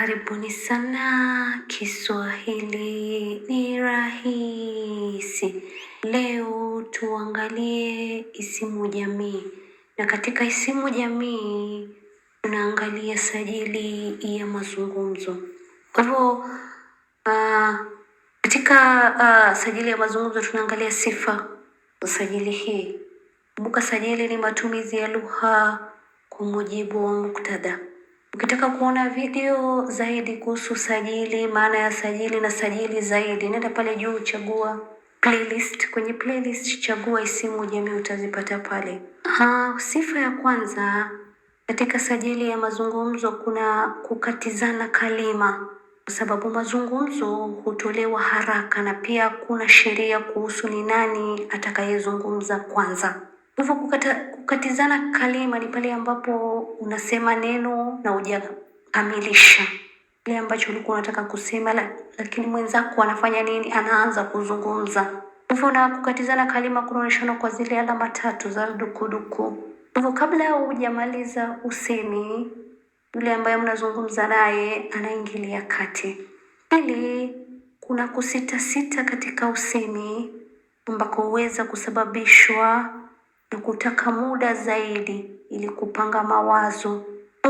Karibuni sana Kiswahili ni rahisi. Leo tuangalie isimu jamii, na katika isimu jamii tunaangalia sajili ya mazungumzo. Kwa hivyo uh, katika uh, sajili ya mazungumzo tunaangalia sifa za sajili hii. Kumbuka, sajili ni matumizi ya lugha kwa mujibu wa muktadha. Ukitaka kuona video zaidi kuhusu sajili, maana ya sajili na sajili zaidi, nenda pale juu, chagua playlist. Kwenye playlist chagua Isimu Jamii, utazipata pale. Ha, sifa ya kwanza katika sajili ya mazungumzo kuna kukatizana kalima, kwa sababu mazungumzo hutolewa haraka, na pia kuna sheria kuhusu ni nani atakayezungumza kwanza. Kwa hivyo kukata, kukatizana kalima ni pale ambapo unasema neno na hujakamilisha kile ambacho ulikuwa unataka kusema, lakini mwenzako anafanya nini? Anaanza kuzungumza. Hivyo na kukatizana kalima kunaonyeshana kwa zile alama tatu za dukuduku. Hivyo kabla hujamaliza usemi, yule ambaye mnazungumza naye anaingilia kati. Pili, kuna kusitasita katika usemi ambako huweza kusababishwa ni kutaka muda zaidi ili kupanga mawazo.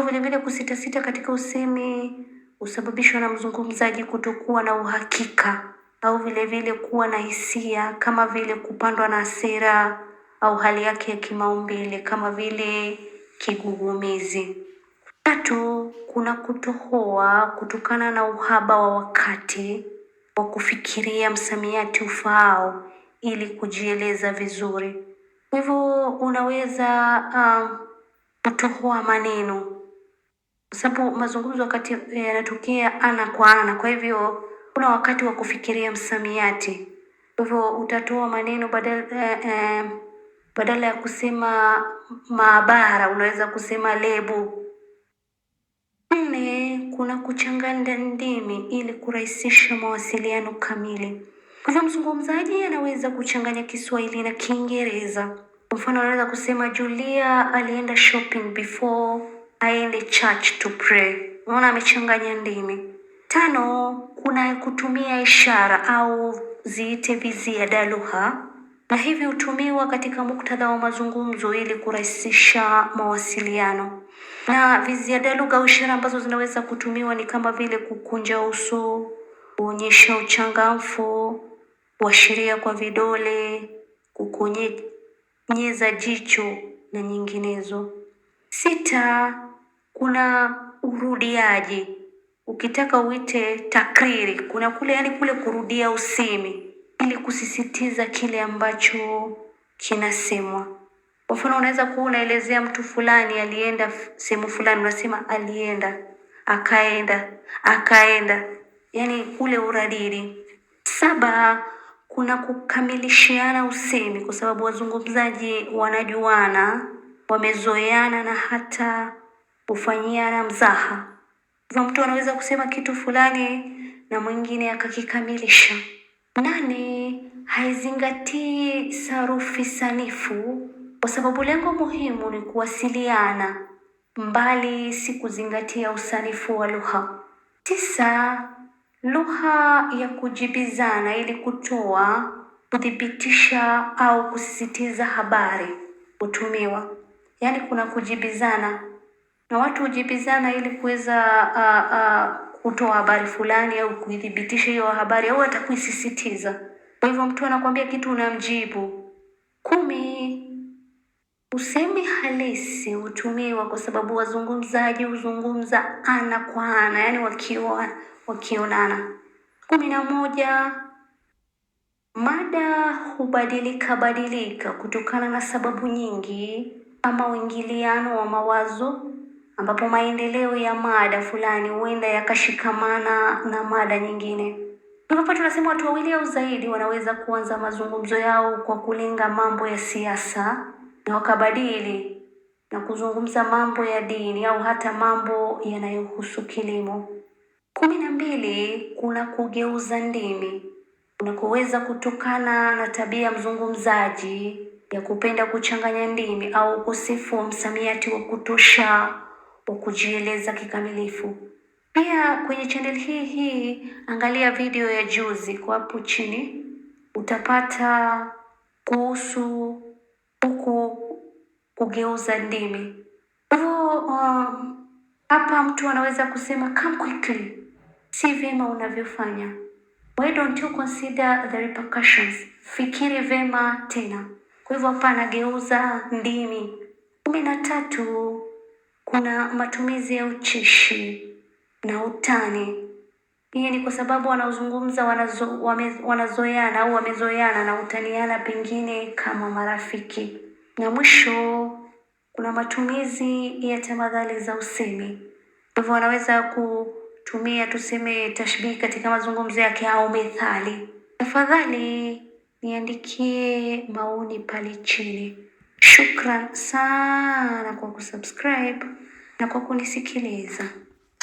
Vilevile kusitasita katika usemi husababishwa na mzungumzaji kutokuwa na uhakika au vilevile kuwa na hisia kama vile kupandwa na hasira au hali yake ya kimaumbile kama vile kigugumizi. Tatu, kuna kutohoa kutokana na uhaba wa wakati wa kufikiria msamiati ufaao ili kujieleza vizuri hivyo unaweza um, kutohoa maneno, kwa sababu mazungumzo wakati eh, yanatokea ana kwa ana. Kwa hivyo kuna wakati wa kufikiria msamiati, hivyo utatoa maneno badala eh, eh, badala ya kusema maabara unaweza kusema lebu. Nne, kuna kuchanganya ndimi ili kurahisisha mawasiliano kamili. Kwa hivyo mzungumzaji anaweza kuchanganya Kiswahili na Kiingereza. Mfano, anaweza kusema Julia alienda shopping before aende church to pray. Unaona amechanganya ndimi. Tano, kuna kutumia ishara au ziite viziada lugha, na hivi hutumiwa katika muktadha wa mazungumzo ili kurahisisha mawasiliano. Na viziada lugha au ishara ambazo zinaweza kutumiwa ni kama vile kukunja uso, kuonyesha uchangamfu, kuashiria kwa vidole, kukonye nyeza jicho na nyinginezo. Sita, kuna urudiaji, ukitaka uite takriri, kuna kule yani kule kurudia usemi ili kusisitiza kile ambacho kinasemwa. Kwa mfano, unaweza kuwa unaelezea mtu fulani alienda sehemu fulani, unasema alienda, akaenda, akaenda, yani kule uradiri Saba, kuna kukamilishiana usemi, kwa sababu wazungumzaji wanajuana, wamezoeana na hata kufanyiana mzaha. Kwa mtu anaweza kusema kitu fulani na mwingine akakikamilisha. Nane, haizingatii sarufi sanifu kwa sababu lengo muhimu ni kuwasiliana, mbali si kuzingatia usanifu wa lugha. Tisa, Lugha ya kujibizana ili kutoa, kuthibitisha au kusisitiza habari hutumiwa. Yaani kuna kujibizana na watu hujibizana ili kuweza kutoa habari fulani au kuithibitisha hiyo habari au hata kuisisitiza. Kwa hivyo mtu anakuambia kitu unamjibu. Kumi, usemi halisi hutumiwa kwa sababu wazungumzaji huzungumza ana kwa ana, yaani wakiwa wakionana. kumi na moja. Mada hubadilika badilika kutokana na sababu nyingi kama uingiliano wa mawazo ambapo maendeleo ya mada fulani huenda yakashikamana na mada nyingine. Hivyo tunasema watu wawili au zaidi wanaweza kuanza mazungumzo yao kwa kulenga mambo ya siasa na wakabadili na kuzungumza mambo ya dini au hata mambo yanayohusu kilimo. Kumi na mbili, kuna kugeuza ndimi unakoweza kutokana na tabia ya mzungumzaji ya kupenda kuchanganya ndimi au ukosefu msamiati wa kutosha wa kujieleza kikamilifu. Pia kwenye channel hii hii angalia video ya juzi kwa hapo chini, utapata kuhusu huku kugeuza ndimi hivyo um, hapa mtu anaweza kusema come quickly, si vyema unavyofanya. Why don't you consider the repercussions? Fikiri vyema tena. Kwa hivyo hapa anageuza ndimi. Kumi na tatu, kuna matumizi ya ucheshi na utani. Hii ni kwa sababu wanaozungumza wanazo, wame, wanazoeana au wamezoeana na utaniana pengine kama marafiki. Na mwisho kuna matumizi ya tamadhali za usemi, hivyo wanaweza kutumia tuseme tashbihi katika mazungumzo yake au methali. Tafadhali niandikie maoni pale chini. Shukran sana kwa kusubscribe na kwa kunisikiliza.